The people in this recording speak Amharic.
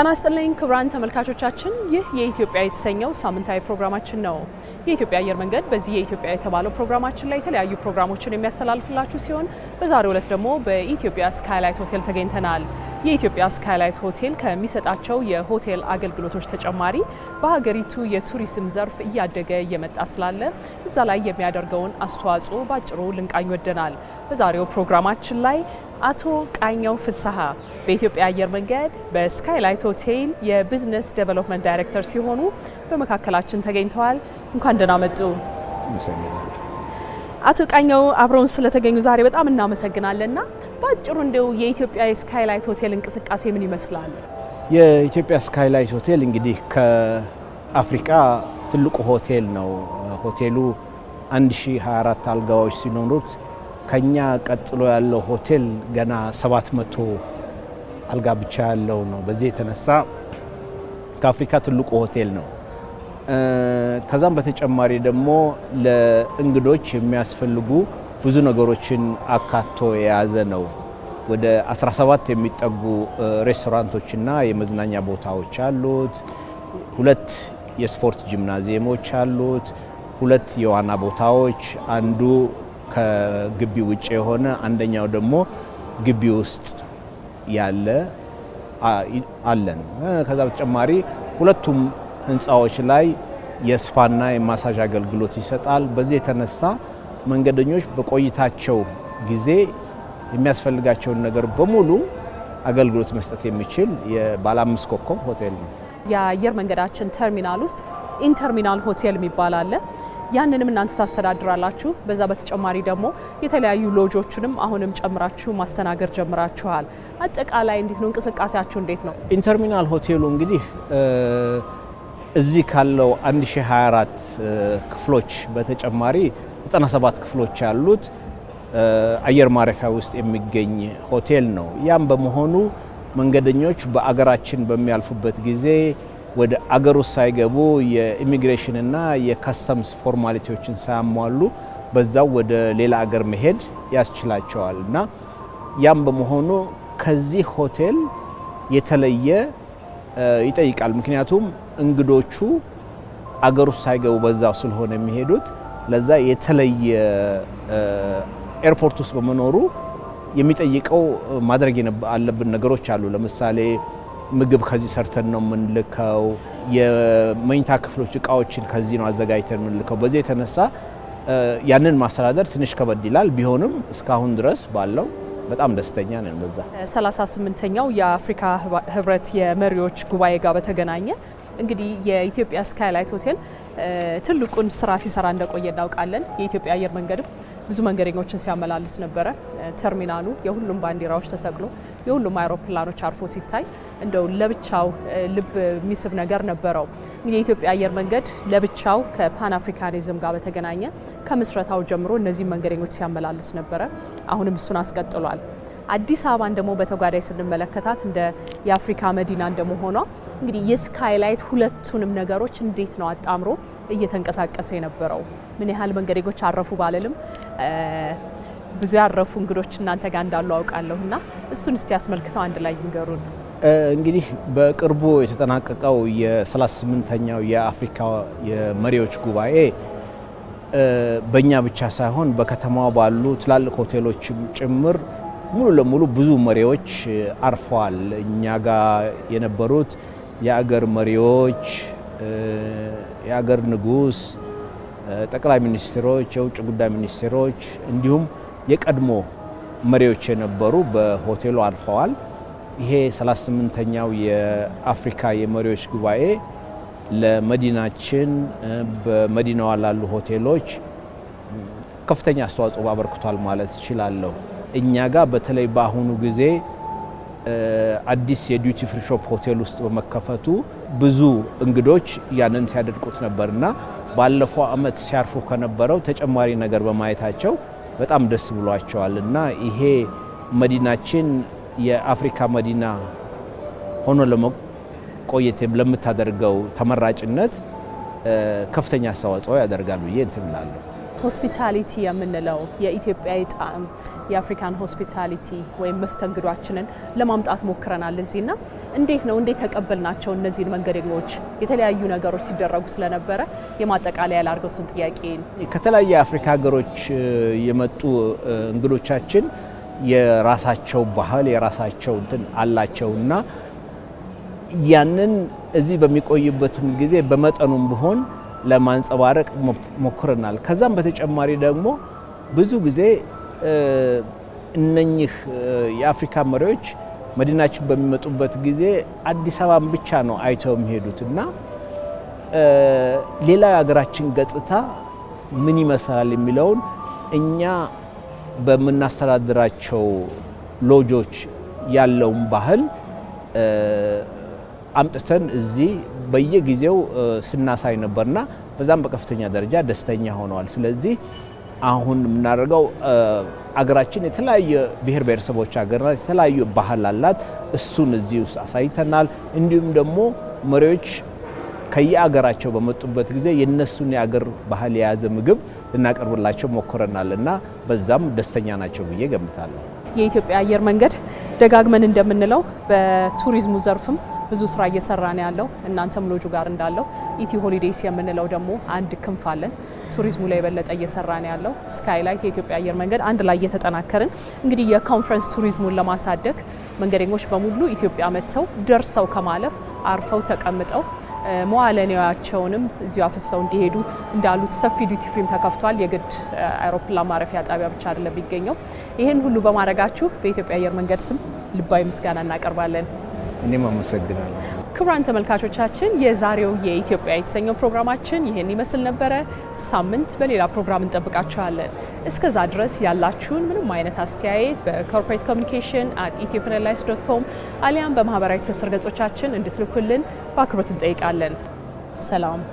ጤና ይስጥልኝ ክቡራን ተመልካቾቻችን፣ ይህ የኢትዮጵያ የተሰኘው ሳምንታዊ ፕሮግራማችን ነው። የኢትዮጵያ አየር መንገድ በዚህ የኢትዮጵያ የተባለው ፕሮግራማችን ላይ የተለያዩ ፕሮግራሞችን የሚያስተላልፍላችሁ ሲሆን በዛሬው ዕለት ደግሞ በኢትዮጵያ ስካይላይት ሆቴል ተገኝተናል። የኢትዮጵያ ስካይላይት ሆቴል ከሚሰጣቸው የሆቴል አገልግሎቶች ተጨማሪ በሀገሪቱ የቱሪዝም ዘርፍ እያደገ እየመጣ ስላለ እዛ ላይ የሚያደርገውን አስተዋጽኦ ባጭሩ ልንቃኝ ወደናል። በዛሬው ፕሮግራማችን ላይ አቶ ቃኘው ፍስሐ በኢትዮጵያ አየር መንገድ በስካይላይት ሆቴል የቢዝነስ ዴቨሎፕመንት ዳይሬክተር ሲሆኑ በመካከላችን ተገኝተዋል። እንኳን ደህና መጡ። አቶ ቃኘው አብረውን ስለተገኙ ዛሬ በጣም እናመሰግናለን። ና በአጭሩ እንደው የኢትዮጵያ የስካይላይት ሆቴል እንቅስቃሴ ምን ይመስላል? የኢትዮጵያ ስካይላይት ሆቴል እንግዲህ ከአፍሪቃ ትልቁ ሆቴል ነው። ሆቴሉ 1024 አልጋዎች ሲኖሩት ከኛ ቀጥሎ ያለው ሆቴል ገና 700 አልጋ ብቻ ያለው ነው። በዚህ የተነሳ ከአፍሪካ ትልቁ ሆቴል ነው። ከዛም በተጨማሪ ደግሞ ለእንግዶች የሚያስፈልጉ ብዙ ነገሮችን አካቶ የያዘ ነው። ወደ 17 የሚጠጉ ሬስቶራንቶችና የመዝናኛ ቦታዎች አሉት። ሁለት የስፖርት ጂምናዚየሞች አሉት። ሁለት የዋና ቦታዎች አንዱ ከግቢ ውጭ የሆነ አንደኛው ደግሞ ግቢ ውስጥ ያለ አለን። ከዛ በተጨማሪ ሁለቱም ህንፃዎች ላይ የስፋና የማሳጅ አገልግሎት ይሰጣል። በዚህ የተነሳ መንገደኞች በቆይታቸው ጊዜ የሚያስፈልጋቸውን ነገር በሙሉ አገልግሎት መስጠት የሚችል የባለ አምስት ኮከብ ሆቴል ነው። የአየር መንገዳችን ተርሚናል ውስጥ ኢንተርሚናል ሆቴል የሚባል አለ። ያንንም እናንተ ታስተዳድራላችሁ። በዛ በተጨማሪ ደግሞ የተለያዩ ሎጆችንም አሁንም ጨምራችሁ ማስተናገድ ጀምራችኋል። አጠቃላይ እንዴት ነው እንቅስቃሴያችሁ? እንዴት ነው ኢንተርሚናል ሆቴሉ እንግዲህ እዚህ ካለው 1024 ክፍሎች በተጨማሪ 97 ክፍሎች ያሉት አየር ማረፊያ ውስጥ የሚገኝ ሆቴል ነው። ያም በመሆኑ መንገደኞች በአገራችን በሚያልፉበት ጊዜ ወደ አገር ውስጥ ሳይገቡ እና የካስተምስ ፎርማሊቲዎችን ሳያሟሉ በዛው ወደ ሌላ አገር መሄድ ያስችላቸዋል እና ያም በመሆኑ ከዚህ ሆቴል የተለየ ይጠይቃል። ምክንያቱም እንግዶቹ አገር ውስጥ ሳይገቡ በዛው ስለሆነ የሚሄዱት ለዛ የተለየ ኤርፖርት ውስጥ በመኖሩ የሚጠይቀው ማድረግ አለብን ነገሮች አሉ። ለምሳሌ ምግብ ከዚህ ሰርተን ነው የምንልከው። የመኝታ ክፍሎች እቃዎችን ከዚህ ነው አዘጋጅተን የምንልከው። በዚህ የተነሳ ያንን ማስተዳደር ትንሽ ከበድ ይላል። ቢሆንም እስካሁን ድረስ ባለው በጣም ደስተኛ ነን። በዛ 38ኛው የአፍሪካ ህብረት የመሪዎች ጉባኤ ጋር በተገናኘ እንግዲህ የኢትዮጵያ ስካይላይት ሆቴል ትልቁን ስራ ሲሰራ እንደቆየ እናውቃለን። የኢትዮጵያ አየር መንገድም ብዙ መንገደኞችን ሲያመላልስ ነበረ። ተርሚናሉ የሁሉም ባንዲራዎች ተሰቅሎ የሁሉም አውሮፕላኖች አርፎ ሲታይ እንደው ለብቻው ልብ የሚስብ ነገር ነበረው። እንግዲህ የኢትዮጵያ አየር መንገድ ለብቻው ከፓን አፍሪካኒዝም ጋር በተገናኘ ከምስረታው ጀምሮ እነዚህም መንገደኞች ሲያመላልስ ነበረ። አሁንም እሱን አስቀጥሏል። አዲስ አበባን ደግሞ በተጓዳይ ስንመለከታት እንደ የአፍሪካ መዲና እንደመሆኗ እንግዲህ የስካይላይት ሁለቱንም ነገሮች እንዴት ነው አጣምሮ እየተንቀሳቀሰ የነበረው? ምን ያህል መንገደኞች አረፉ ባልልም ብዙ ያረፉ እንግዶች እናንተ ጋር እንዳሉ አውቃለሁ እና እሱን እስቲ አስመልክተው አንድ ላይ ይንገሩን። እንግዲህ በቅርቡ የተጠናቀቀው የ38ኛው የአፍሪካ የመሪዎች ጉባኤ በእኛ ብቻ ሳይሆን በከተማዋ ባሉ ትላልቅ ሆቴሎች ጭምር ሙሉ ለሙሉ ብዙ መሪዎች አርፈዋል። እኛ ጋር የነበሩት የአገር መሪዎች፣ የአገር ንጉስ፣ ጠቅላይ ሚኒስትሮች፣ የውጭ ጉዳይ ሚኒስትሮች እንዲሁም የቀድሞ መሪዎች የነበሩ በሆቴሉ አልፈዋል። ይሄ 38ኛው የአፍሪካ የመሪዎች ጉባኤ ለመዲናችን በመዲናዋ ላሉ ሆቴሎች ከፍተኛ አስተዋጽኦ አበርክቷል ማለት እችላለሁ። እኛ ጋር በተለይ በአሁኑ ጊዜ አዲስ የዲዩቲ ፍሪ ሾፕ ሆቴል ውስጥ በመከፈቱ ብዙ እንግዶች ያንን ሲያደርቁት ነበርና ባለፈው ዓመት ሲያርፉ ከነበረው ተጨማሪ ነገር በማየታቸው በጣም ደስ ብሏቸዋል እና ይሄ መዲናችን የአፍሪካ መዲና ሆኖ ለመቆየት ለምታደርገው ተመራጭነት ከፍተኛ አስተዋጽኦ ያደርጋል ብዬ እንትን እላለሁ። ሆስፒታሊቲ የምንለው የኢትዮጵያዊ ጣዕም የአፍሪካን ሆስፒታሊቲ ወይም መስተንግዷችንን ለማምጣት ሞክረናል። እዚህና እንዴት ነው እንዴት ተቀበልናቸው እነዚህን መንገደኞች? የተለያዩ ነገሮች ሲደረጉ ስለነበረ የማጠቃለያ ላርገሱን እሱን ጥያቄ። ከተለያዩ የአፍሪካ ሀገሮች የመጡ እንግዶቻችን የራሳቸው ባህል የራሳቸው እንትን አላቸውና ያንን እዚህ በሚቆይበትም ጊዜ በመጠኑም ቢሆን ለማንጸባረቅ ሞክረናል። ከዛም በተጨማሪ ደግሞ ብዙ ጊዜ እነኚህ የአፍሪካ መሪዎች መዲናችን በሚመጡበት ጊዜ አዲስ አበባን ብቻ ነው አይተው የሚሄዱት እና ሌላ የሀገራችን ገጽታ ምን ይመስላል የሚለውን እኛ በምናስተዳድራቸው ሎጆች ያለውን ባህል አምጥተን እዚህ በየጊዜው ስናሳይ ነበርና በዛም በከፍተኛ ደረጃ ደስተኛ ሆነዋል። ስለዚህ አሁን የምናደርገው አገራችን የተለያየ ብሔር ብሔረሰቦች ሀገር ናት፣ የተለያዩ ባህል አላት። እሱን እዚህ ውስጥ አሳይተናል። እንዲሁም ደግሞ መሪዎች ከየአገራቸው በመጡበት ጊዜ የእነሱን የአገር ባህል የያዘ ምግብ ልናቀርብላቸው ሞክረናል እና በዛም ደስተኛ ናቸው ብዬ ገምታለሁ። የኢትዮጵያ አየር መንገድ ደጋግመን እንደምንለው በቱሪዝሙ ዘርፍም ብዙ ስራ እየሰራ ነው ያለው። እናንተም ሎጁ ጋር እንዳለው ኢቲ ሆሊዴይስ የምንለው ደግሞ አንድ ክንፍ አለን። ቱሪዝሙ ላይ የበለጠ እየሰራ ነው ያለው። ስካይላይት የኢትዮጵያ አየር መንገድ አንድ ላይ እየተጠናከርን እንግዲህ የኮንፈረንስ ቱሪዝሙን ለማሳደግ መንገደኞች በሙሉ ኢትዮጵያ መጥተው ደርሰው ከማለፍ አርፈው ተቀምጠው መዋለ ንዋያቸውንም እዚሁ አፍሰው እንዲሄዱ እንዳሉት ሰፊ ዲዩቲ ፍሪም ተከፍቷል። የግድ አውሮፕላን ማረፊያ ጣቢያ ብቻ አይደለም የሚገኘው። ይህን ሁሉ በማድረጋችሁ በኢትዮጵያ አየር መንገድ ስም ልባዊ ምስጋና እናቀርባለን። እኔም አመሰግናለሁ። ክቡራን ተመልካቾቻችን የዛሬው የኢትዮጵያ የተሰኘው ፕሮግራማችን ይህን ይመስል ነበረ። ሳምንት በሌላ ፕሮግራም እንጠብቃችኋለን። እስከዛ ድረስ ያላችሁን ምንም አይነት አስተያየት በኮርፖሬት ኮሚኒኬሽን አት ኢትዮጵያን ኤርላይንስ ዶት ኮም አሊያም በማህበራዊ ትስስር ገጾቻችን እንድትልኩልን በአክብሮት እንጠይቃለን። ሰላም።